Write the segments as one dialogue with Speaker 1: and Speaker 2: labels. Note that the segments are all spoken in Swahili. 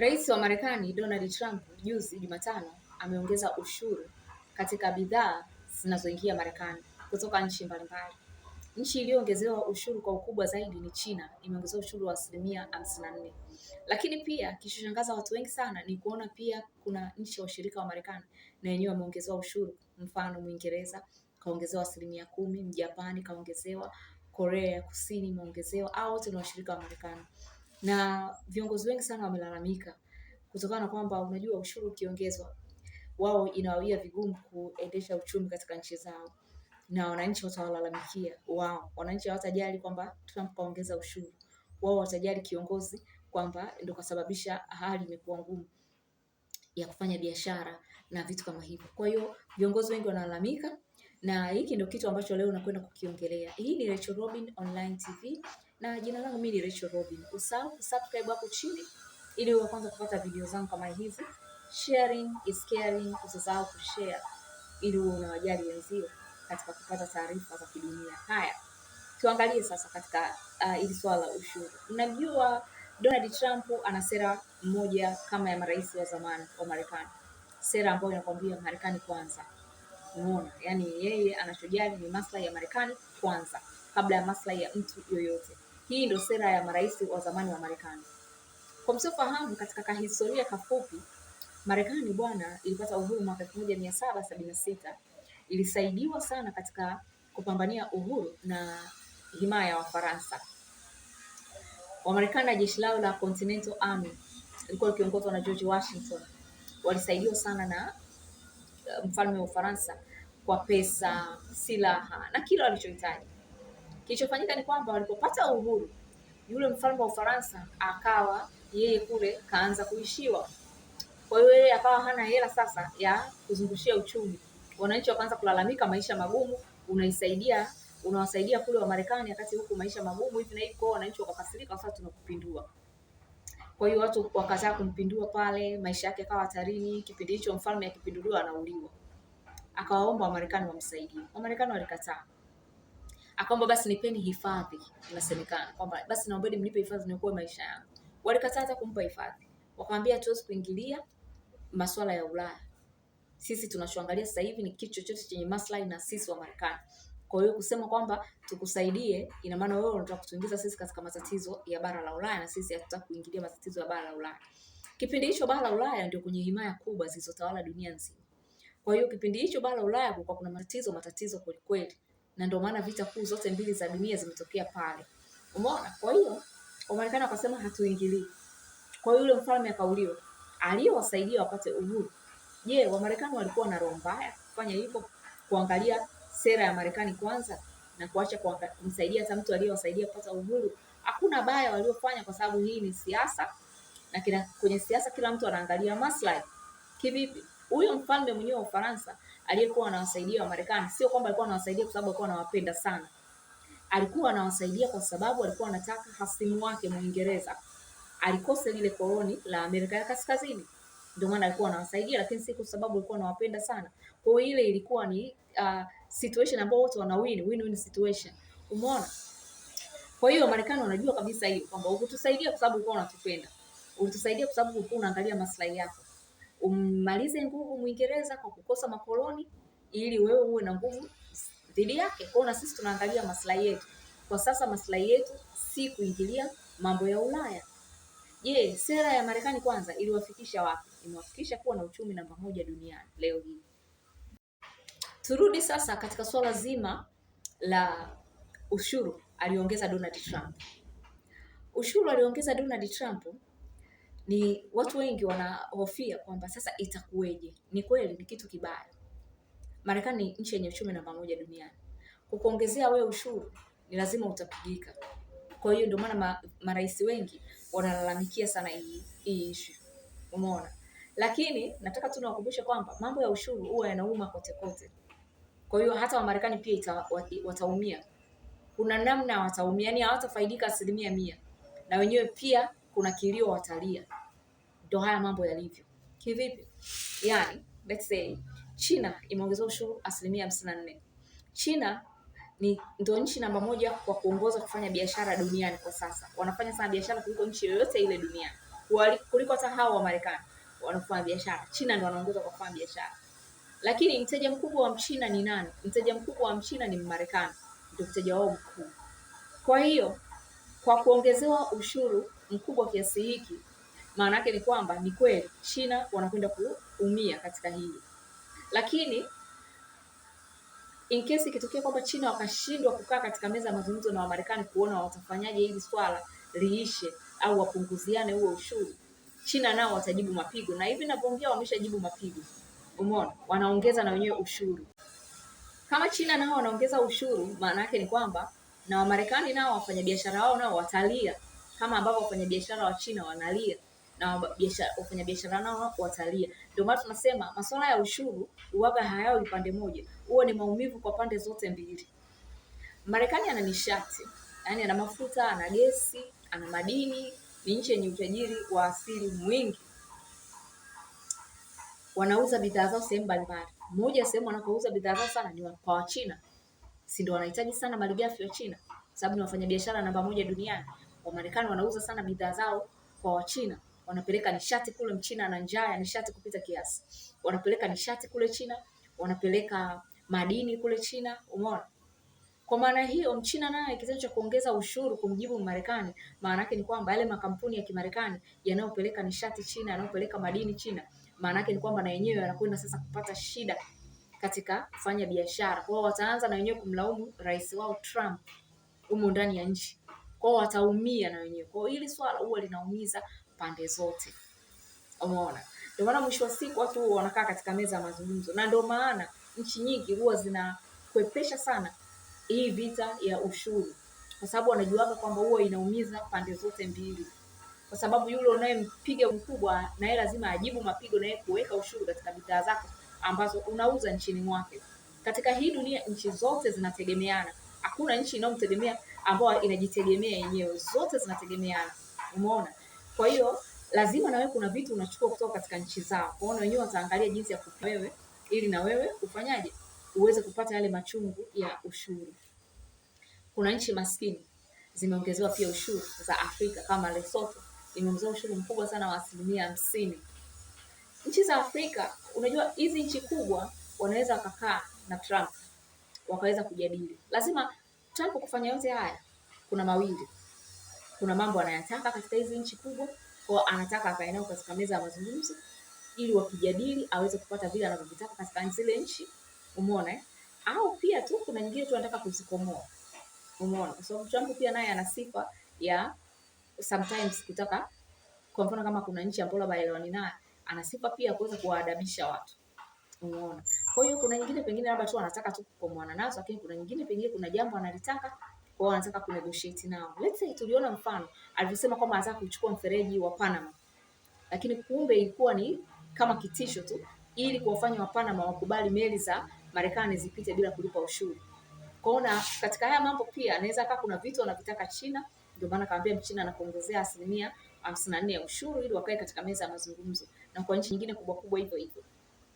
Speaker 1: Rais wa Marekani Donald Trump juzi Jumatano ameongeza ushuru katika bidhaa zinazoingia Marekani kutoka nchi mbalimbali. Nchi iliyoongezewa ushuru kwa ukubwa zaidi ni China, imeongezewa ushuru wa asilimia 54. Lakini pia kilichoshangaza watu wengi sana ni kuona pia kuna nchi ya ushirika wa Marekani na yenyewe wameongezewa ushuru. Mfano, Mwingereza kaongezewa asilimia kumi, Mjapani kaongezewa, Korea ya Kusini imeongezewa. au wote ni washirika wa Marekani na viongozi wengi sana wamelalamika kutokana na kwamba unajua, ushuru ukiongezwa, wao inawawia vigumu kuendesha uchumi katika nchi zao, na wananchi watawalalamikia wao. Wananchi hawatajali kwamba Trump kaongeza ushuru, wao watajali kiongozi kwamba ndio kasababisha hali imekuwa ngumu ya kufanya biashara na vitu kama hivyo. Kwa hiyo viongozi wengi wanalalamika na hiki ndio kitu ambacho leo nakwenda kukiongelea. Hii ni Rachel Robin Online TV na jina langu mimi ni Rachel Robin. Usahau kusubscribe hapo chini ili uwe kwanza kupata video zangu kama hizi. Sharing is caring, usisahau kushare ili uwe unawajali wenzio katika kupata taarifa za kidunia. Haya, tuangalie sasa katika uh, hili ili swala la ushuru. Unajua Donald Trump ana sera moja kama ya marais wa zamani wa Marekani, sera ambayo inakwambia Marekani kwanza unaona, yani yeye anachojali ni maslahi ya Marekani kwanza kabla ya maslahi ya mtu yoyote. Hii ndio sera ya marais wa zamani wa Marekani. Kwa msiofahamu, katika kahistoria kafupi, Marekani bwana ilipata uhuru mwaka 1776 ilisaidiwa sana katika kupambania uhuru na himaya ya Wafaransa. Wamarekani na jeshi lao la Continental Army ilikuwa likiongozwa na George Washington, walisaidiwa sana na Eh, mfalme wa Ufaransa kwa pesa, silaha na kila walichohitaji. Kilichofanyika ni kwamba walipopata uhuru, yule mfalme wa Ufaransa akawa yeye kule kaanza kuishiwa. Kwa hiyo yeye akawa hana hela sasa ya kuzungushia uchumi, wananchi wakaanza kulalamika, maisha magumu, unaisaidia unawasaidia kule wa Marekani, wakati huku maisha magumu hivi na hivi. Kwao wananchi wakakasirika, sasa tunakupindua. Kwa hiyo watu wakataa kumpindua pale, maisha yake yakawa hatarini. Kipindi hicho mfalme akipinduliwa anauliwa. Akawaomba Wamarekani wamsaidie, Wamarekani walikataa. Akaomba basi nipeni hifadhi, inasemekana kwamba basi naombeni mnipe hifadhi niokoe maisha yangu. Walikataa hata kumpa hifadhi, wakamwambia hatuwezi kuingilia masuala ya Ulaya, sisi tunachoangalia sasa hivi ni kitu chochote chenye maslahi na sisi Wamarekani. Kwa hiyo kusema kwamba tukusaidie, ina maana wewe unataka kutuingiza sisi katika matatizo ya bara la Ulaya na sisi hatutaki kuingilia matatizo ya bara la Ulaya. Kipindi hicho bara la Ulaya ndio kwenye himaya kubwa zilizotawala dunia nzima. Kwa hiyo kipindi hicho bara la Ulaya kulikuwa kuna matatizo matatizo kweli kweli, na ndio maana vita kuu zote mbili za dunia zimetokea pale. Umeona? Kwa hiyo Wamarekani wakasema hatuingilii. Kwa hiyo yule mfalme akauliwa, aliyowasaidia wapate uhuru. Je, Wamarekani walikuwa na roho mbaya kufanya hivyo, kuangalia sera ya Marekani kwanza na kuacha kumsaidia hata mtu aliyewasaidia kupata uhuru. Hakuna baya waliofanya, kwa sababu hii ni siasa na kina, kwenye siasa kila mtu anaangalia maslahi kivipi. Huyo mfalme mwenyewe wa Ufaransa aliyekuwa anawasaidia wa Marekani, sio kwamba alikuwa anawasaidia kwa sababu alikuwa anawapenda sana, alikuwa anawasaidia kwa sababu alikuwa anataka hasimu wake Muingereza alikose lile koloni la Amerika ya Kaskazini, ndio maana alikuwa anawasaidia, lakini si kwa sababu alikuwa anawapenda sana. Kwa hiyo ile ilikuwa ni uh, situation ambao watu wana win win win situation, umeona? Kwa hiyo Marekani wanajua kabisa hiyo kwamba ukutusaidia kwa sababu ulikuwa unatupenda, ulitusaidia kwa sababu ulikuwa unaangalia maslahi yako. Ummalize nguvu Mwingereza kwa kukosa makoloni ili wewe uwe na nguvu dhidi yake. Kwa na sisi tunaangalia maslahi yetu kwa sasa, maslahi yetu si kuingilia mambo ya Ulaya. Je, sera ya Marekani kwanza iliwafikisha wapi? Imewafikisha kuwa na uchumi namba moja duniani leo hii. Turudi sasa katika swala zima la ushuru aliongeza Donald Trump. Ushuru aliongeza Donald Trump ni watu wengi wanahofia kwamba sasa itakuweje? Ni kweli ni kitu kibaya. Marekani ni nchi yenye uchumi namba moja duniani. Kukuongezea wewe ushuru ni lazima utapigika. Kwa hiyo ndio maana ma, marais wengi wanalalamikia sana hii issue. Umeona? Lakini nataka tu niwakumbushe kwamba mambo ya ushuru huwa yanauma kote kote. Kwa hiyo hata Wamarekani pia ita, wataumia, kuna namna wataumia, yani hawatafaidika asilimia mia, na wenyewe pia kuna kilio watalia. Ndo haya mambo yalivyo. Kivipi? Yani, let's say China imeongeza ushuru asilimia hamsini na nne. China ni ndo nchi namba moja kwa kuongoza kufanya biashara duniani kwa sasa. Wanafanya sana biashara kuliko nchi yoyote ile duniani, kuliko hata hao wa Marekani wanafanya biashara. China ndo wanaongoza kwa kufanya biashara. Lakini mteja mkubwa wa Mchina ni nani? Mteja mkubwa wa Mchina ni Mmarekani, ndio mteja wao mkuu Kwa hiyo kwa kuongezewa ushuru mkubwa kiasi hiki, maana yake ni kwamba ni kweli China wanakwenda kuumia katika hili, lakini in case ikitokea kwamba China wakashindwa kukaa katika meza ya mazungumzo na Wamarekani kuona watafanyaje hili swala liishe au wapunguziane huo ushuru, China nao watajibu mapigo, na hivi ninavyoongea wameshajibu mapigo. Umeona, wanaongeza na wenyewe ushuru. Kama China nao wanaongeza ushuru, maana yake ni kwamba na Wamarekani nao wafanyabiashara wao nao watalia, kama ambavyo wafanyabiashara wa China wanalia na wafanyabiashara nao hapo watalia. Ndio maana tunasema masuala ya ushuru uwaga hayao pande moja, huo ni maumivu kwa pande zote mbili. Marekani ana nishati, yani ana mafuta, ana gesi, ana madini, ni nchi yenye utajiri wa asili mwingi wanauza bidhaa zao sehemu mbalimbali. Moja sehemu wanakouza bidhaa zao sana ni kwa Wachina, si ndio? Wanahitaji sana malighafi ya China sababu ni wafanyabiashara namba moja duniani. Wamarekani wanauza sana bidhaa zao kwa Wachina, wanapeleka nishati kule. Mchina ana njaa ya nishati kupita kiasi, wanapeleka nishati kule China, wanapeleka madini kule China. Umeona? Kwa maana hiyo, Mchina naye kitendo cha kuongeza ushuru kumjibu Marekani, maana yake ni kwamba yale makampuni ya Kimarekani yanayopeleka nishati China, yanayopeleka madini China maana yake ni kwamba na wenyewe wanakwenda sasa kupata shida katika kufanya biashara kwao, wataanza na wenyewe kumlaumu rais wao Trump humo ndani ya nchi hiyo wataumia na wenyewe kwao. Hili swala huwa linaumiza pande zote, umeona? Ndio maana mwisho wa siku watu wanakaa katika meza ya mazungumzo, na ndio maana nchi nyingi huwa zinakwepesha sana hii vita ya ushuru, kwa sababu wanajuaga kwamba huwa inaumiza pande zote mbili kwa sababu yule unayempiga mkubwa na yeye lazima ajibu mapigo, na yeye kuweka ushuru katika bidhaa zako ambazo unauza nchini mwake. Katika hii dunia nchi zote zinategemeana, hakuna nchi inayomtegemea ambayo inajitegemea yenyewe, zote zinategemeana. Umeona? Kwa hiyo lazima na wewe kuna vitu unachukua kutoka katika nchi zao, kwa hiyo wenyewe wataangalia jinsi ya kupa wewe, ili na wewe ufanyaje uweze kupata yale machungu ya ushuru. Kuna nchi maskini zimeongezewa pia ushuru za Afrika kama Lesotho imeongeza ushuru mkubwa sana wa asilimia hamsini. Nchi za Afrika, unajua hizi nchi kubwa wanaweza wakakaa na Trump wakaweza kujadili. Lazima Trump kufanya yote haya, kuna mawili, kuna mambo anayataka katika hizi nchi kubwa, kwa anataka akae nao katika meza ya mazungumzo ili wakijadili aweze kupata vile anavyovitaka katika zile nchi, umeona eh? Au pia tu kuna nyingine tu anataka kuzikomoa, umeona, kwa sababu Trump pia naye ana sifa ya sometimes kutaka, kwa mfano kama kuna nchi ambayo labda baelewani nayo, ana sifa pia kuweza kuwaadabisha watu. Umeona? Kwa hiyo kuna nyingine pengine labda tu anataka tu kukomoana nazo, lakini kuna nyingine pengine kuna jambo analitaka kwa hiyo anataka kunegotiate nao. Let's say tuliona mfano alivyosema kwamba anataka kuchukua mfereji wa Panama, lakini kumbe ilikuwa ni kama kitisho tu ili kuwafanya wa Panama wakubali meli za Marekani zipite bila kulipa ushuru. Kwaona katika haya mambo pia anaweza kaa kuna vitu wanavitaka China, ndio maana kaambia Mchina anakuongezea asilimia hamsini na nne ya ushuru ili wakae katika meza ya mazungumzo, na kwa nchi nyingine kubwa kubwa hivyo hivyo.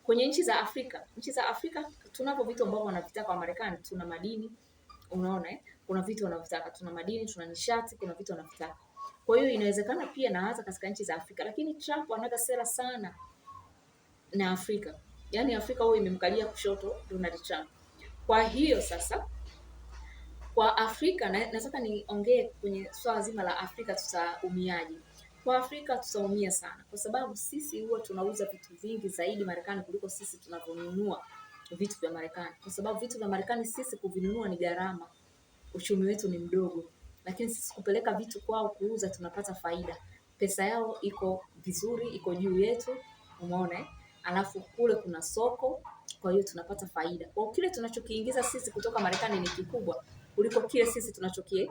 Speaker 1: Kwenye nchi za Afrika, nchi za Afrika tunapo vitu ambavyo wanavitaka wa Marekani, tuna madini, unaona eh? Kuna vitu wanavitaka, tuna madini, tuna nishati, kuna vitu wanavitaka. Kwa hiyo inawezekana pia na hata katika nchi za Afrika, lakini Trump anaga sera sana na Afrika, yaani Afrika huwa imemkalia kushoto Donald Trump. Kwa hiyo sasa kwa Afrika na nataka niongee kwenye swala zima la Afrika tutaumiaje. Kwa Afrika tutaumia sana, kwa sababu sisi huwa tunauza vitu vingi zaidi Marekani kuliko sisi tunavyonunua vitu vya Marekani, kwa sababu vitu vya Marekani sisi kuvinunua ni gharama, uchumi wetu ni mdogo, lakini sisi kupeleka vitu kwao kuuza tunapata faida. Pesa yao iko vizuri, iko juu yetu, umeona eh? Alafu kule kuna soko kwa hiyo tunapata faida. Kwa kile tunachokiingiza sisi kutoka Marekani ni kikubwa kuliko kile sisi tunachokie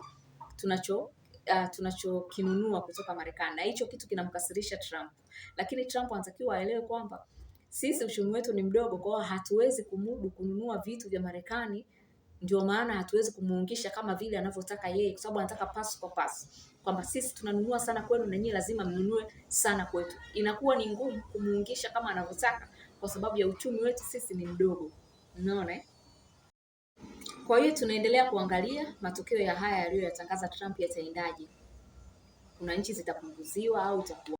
Speaker 1: tunacho Uh, tunachokinunua kutoka Marekani na hicho kitu kinamkasirisha Trump, lakini Trump anatakiwa aelewe kwamba sisi uchumi wetu ni mdogo, kwa hatuwezi kumudu kununua vitu vya Marekani. Ndio maana hatuwezi kumuungisha kama vile anavyotaka yeye, kwa sababu anataka pass kwa pass, kwamba sisi tunanunua sana kwenu na nyinyi lazima mnunue sana kwetu. Inakuwa ni ngumu kumuungisha kama anavyotaka, kwa sababu ya uchumi wetu sisi ni mdogo, unaona Kwa hiyo tunaendelea kuangalia matokeo ya haya yaliyoyatangaza Trump yataendaje. Kuna nchi zitapunguziwa au itakuwa